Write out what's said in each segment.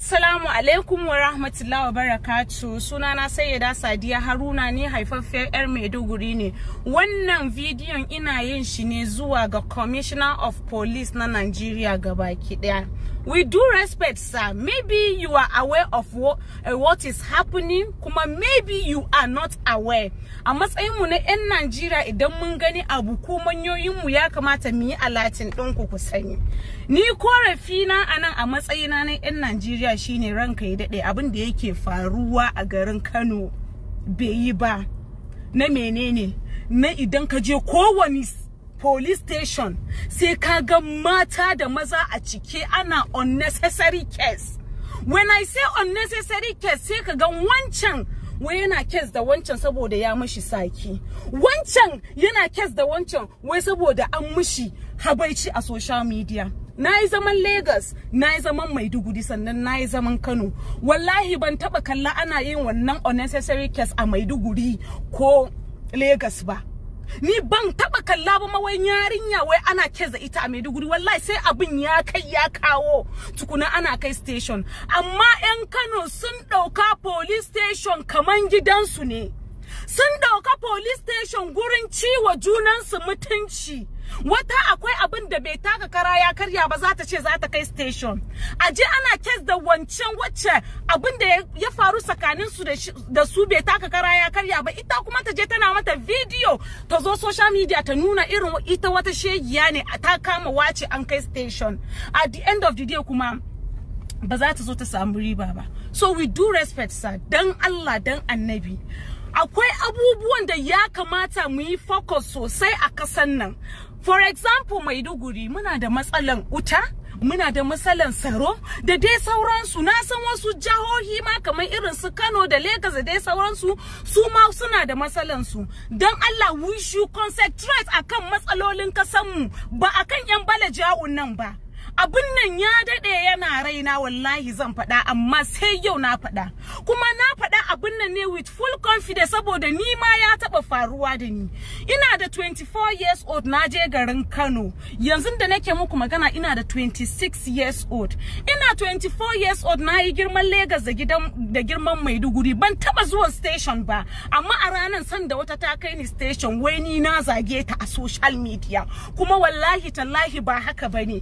Salamu alaikum wa rahmatullahi wa barakatu sunana sayyada sadiya haruna ne haifaffiyar yar maiduguri ne wannan bidiyon ina yin shi ne zuwa ga commissioner of police na nigeria gabaki daya we do respect sir maybe you are aware of what, uh, what is happening kuma maybe you are not aware a matsayin mu na 'yan najeriya idan mun gani abu ko mu ya kamata mu yi alatin ɗinku ku sani ni korafina a nan a matsayina na 'yan najeriya shine ranka ya dade abin da yake faruwa a garin kano bai yi ba na menene na idan ka je kowani police station sai ka ga mata da maza a cike ana unnecessary case when i say unnecessary case sai ka ga wancan wai yana case da wancan saboda ya mishi saki wancan yana case da wancan wai saboda an mushi habaici a social media na yi zaman lagos na yi zaman maiduguri sannan na yi zaman kano wallahi ban taba kalla ana yin wannan unnecessary case a maiduguri ko lagos ba ni ban taba kalla ba mawai yarinya wai ana keza ita a Maiduguri wallahi sai abin ya kai ya kawo tukuna ana kai station amma yan Kano sun dauka police station kaman gidansu ne sun dauka police rashin gurin ciwo junansu mutunci wata akwai abin da bai taka kara ya karya ba za ta ce za ta kai station a je ana kes da wancan wacce abin da ya faru tsakanin su da su bai taka kara ya karya ba ita kuma ta je tana mata video ta zo social media ta nuna irin ita wata shegiya ne ta kama wace an kai station at the end of the day kuma ba za ta zo ta samu riba ba so we do respect sa dan Allah dan annabi akwai abubuwan da ya kamata mu yi focus sosai a kasan nan for example maiduguri muna da matsalan wuta muna da matsalan tsaro da dai sauransu na san wasu jahohi ma kamar irin su kano da lagos da dai sauransu su ma suna da matsalan su don allah we should concentrate akan matsalolin kasanmu ba akan yan bala ja'un nan ba abin nan ya daɗe yana raina wallahi zan faɗa amma sai yau na faɗa kuma na faɗa abin nan ne with full confidence saboda ni ma ya taba faruwa da ni ina da 24 years old na je garin Kano yanzu da nake muku magana ina da 26 years old ina 24 years old na yi girman Lagos da gidan da girman Maiduguri ban taɓa zuwa station ba amma a ranar san da wata ta kai ni station wai ni na zage ta a social media kuma wallahi tallahi ba haka bane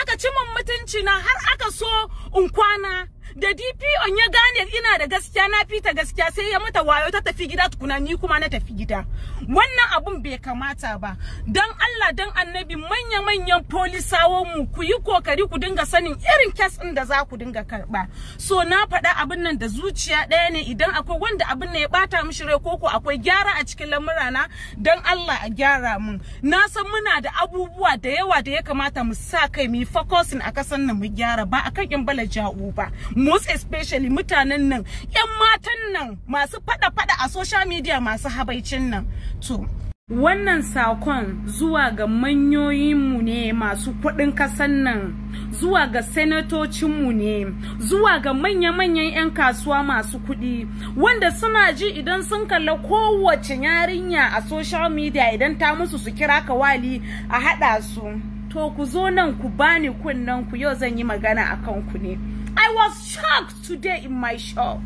aka ci min mutunci na har aka so in kwana da dpo ya gane ina da gaskiya na fita gaskiya sai ya mata wayo ta tafi gida tukuna ni kuma na tafi gida wannan abun bai kamata ba dan Allah dan annabi manya manyan polisawan mu ku yi kokari ku dinga sanin irin kes din da za ku dinga karba so na faɗa abin nan da zuciya ɗaya ne idan akwai wanda abin ne ya bata mishi rai koko akwai gyara a cikin lamurana dan Allah a gyara mun na san muna da abubuwa da yawa da ya kamata mu sa kai mu yi focusing a kasan nan mu gyara ba akan in bala ja'u ba most especially mutanen nan yan matan nan masu fada-fada a social media masu habaicin nan to wannan sakon zuwa ga manyoyinmu ne masu kuɗin kasan nan zuwa ga senatocinmu ne zuwa ga manya-manyan 'yan kasuwa masu kuɗi wanda suna ji idan sun kalla kowace yarinya a social media idan ta musu su kira ka wali a haɗa su to ku zo nan ku bani kunnen ku yau zan yi magana a kanku ne I was shocked today in my shop.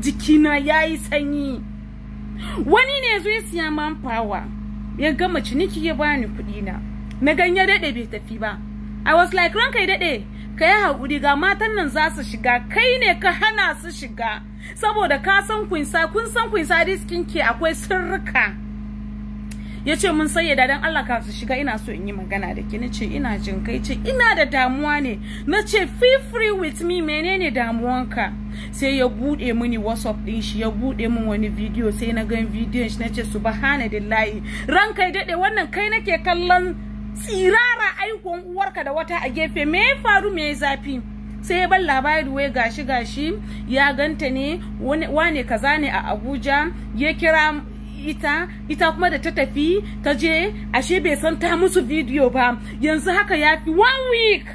Jikina yayi sanyi. Wani ne zai ya siya man power. Ya gama ciniki ya bani kuɗi na. Na ganye daɗe bai tafi ba. I was like ranka yi daɗe. Ka yi haƙuri ga matan nan za su shiga. Kai ne ka hana su shiga. Saboda ka san kunsa kun san diskin ke akwai sirrika. ya ce mun sayyada dan Allah ka su shiga ina so in yi magana da ke na ce ina jin kai ce ina da damuwa ne na ce feel free with me menene damuwanka sai ya bude mini whatsapp din shi ya bude min wani video sai na gan video shi na ce subhanallahi ran kai dade wannan kai nake kallon tsirara aikon uwarka da wata a gefe me ya faru me zafi sai ya ban labari wai gashi gashi ya ganta ne wane kaza ne a abuja ya kira ita ita kuma da ta tafi ta je ashe bai san ta musu video ba yanzu haka ya fi one week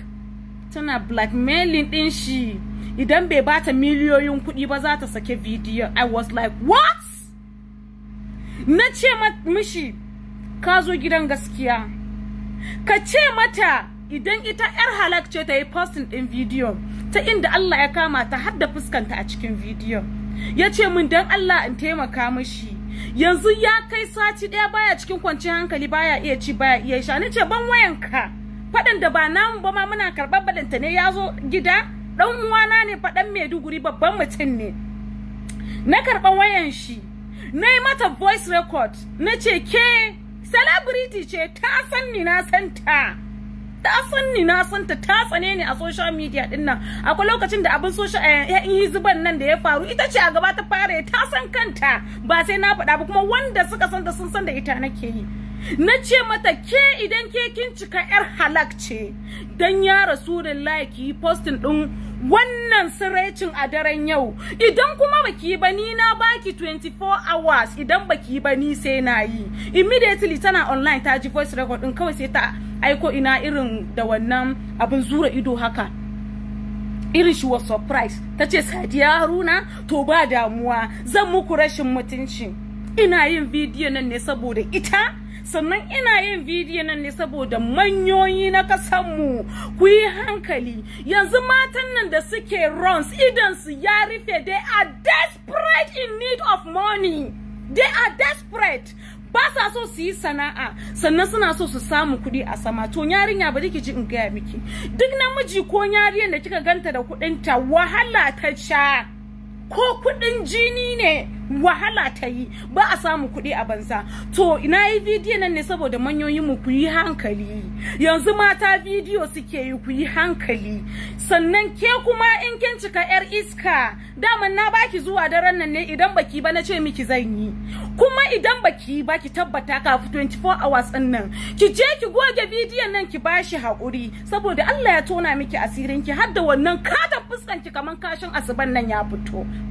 tana blackmailing din shi idan bai bata miliyoyin kuɗi ba za ta sake video i was like what na ce mishi ka zo gidan gaskiya ka ce mata idan ita yar halak ce ta yi posting din video ta inda Allah ya kama ta hadda fuskanta a cikin video ya ce min dan Allah in taimaka mishi yanzu ya kai sati ɗaya baya cikin kwanciyar hankali baya iya ci baya iya sha ni ce ban ka faɗin da ba namu ba ma muna karɓar balanta ne ya zo gida ɗan uwana ne faɗan maiduguri babban mutum ne na karɓa wayan shi na yi mata voice record na ce ke celebrity ce ta san ni na san ta ta san ni na san ta ta tsane ni a social media din nan akwai lokacin da abin social eh hiziban eh, nan da ya faru ita ce a gaba ta fara ta san kanta ba sai na faɗa ba kuma wanda suka san da sun san da ita nake yi na ce mata ke idan ke kin cika yar halak ce dan ya rasulullahi ki yi postin din wannan siraicin a daren yau idan kuma baki ba ni na baki 24 hours idan baki ba ni sai na yi immediately tana online ta ji voice record din kawai sai ta Aiko ina irin da wannan abin zura ido haka irin shi was surprise ta ce sadiya haruna to ba damuwa zan muku rashin mutunci ina yin bidiyo nan ne saboda ita sannan ina yin bidiyo nan ne saboda manyoyi na kasanmu ku yi hankali yanzu matan nan da suke runs su ya rufe they are desperate in need of money they are desperate ba sa so su yi sana'a sannan suna so su samu kuɗi a sama to yarinya ba ki ji in gaya miki duk namiji ko yarinyar da kika ganta da kuɗinta wahala ta sha ko kuɗin jini ne wahala ta yi ba a samu kuɗi a banza to na yi bidiyo nan ne saboda manyoyin mu ku yi hankali yanzu mata bidiyo suke yi ku yi hankali sannan ke kuma in kin cika yar iska daman na baki zuwa daren nan ne idan baki ba na ce miki zan yi kuma idan baki ba ki tabbata ka 24 hours din nan ki je ki goge bidiyon nan ki bashi haƙuri saboda Allah ya tona miki asirin ki har da wannan katar fuskan ki kaman kashin asuban nan ya fito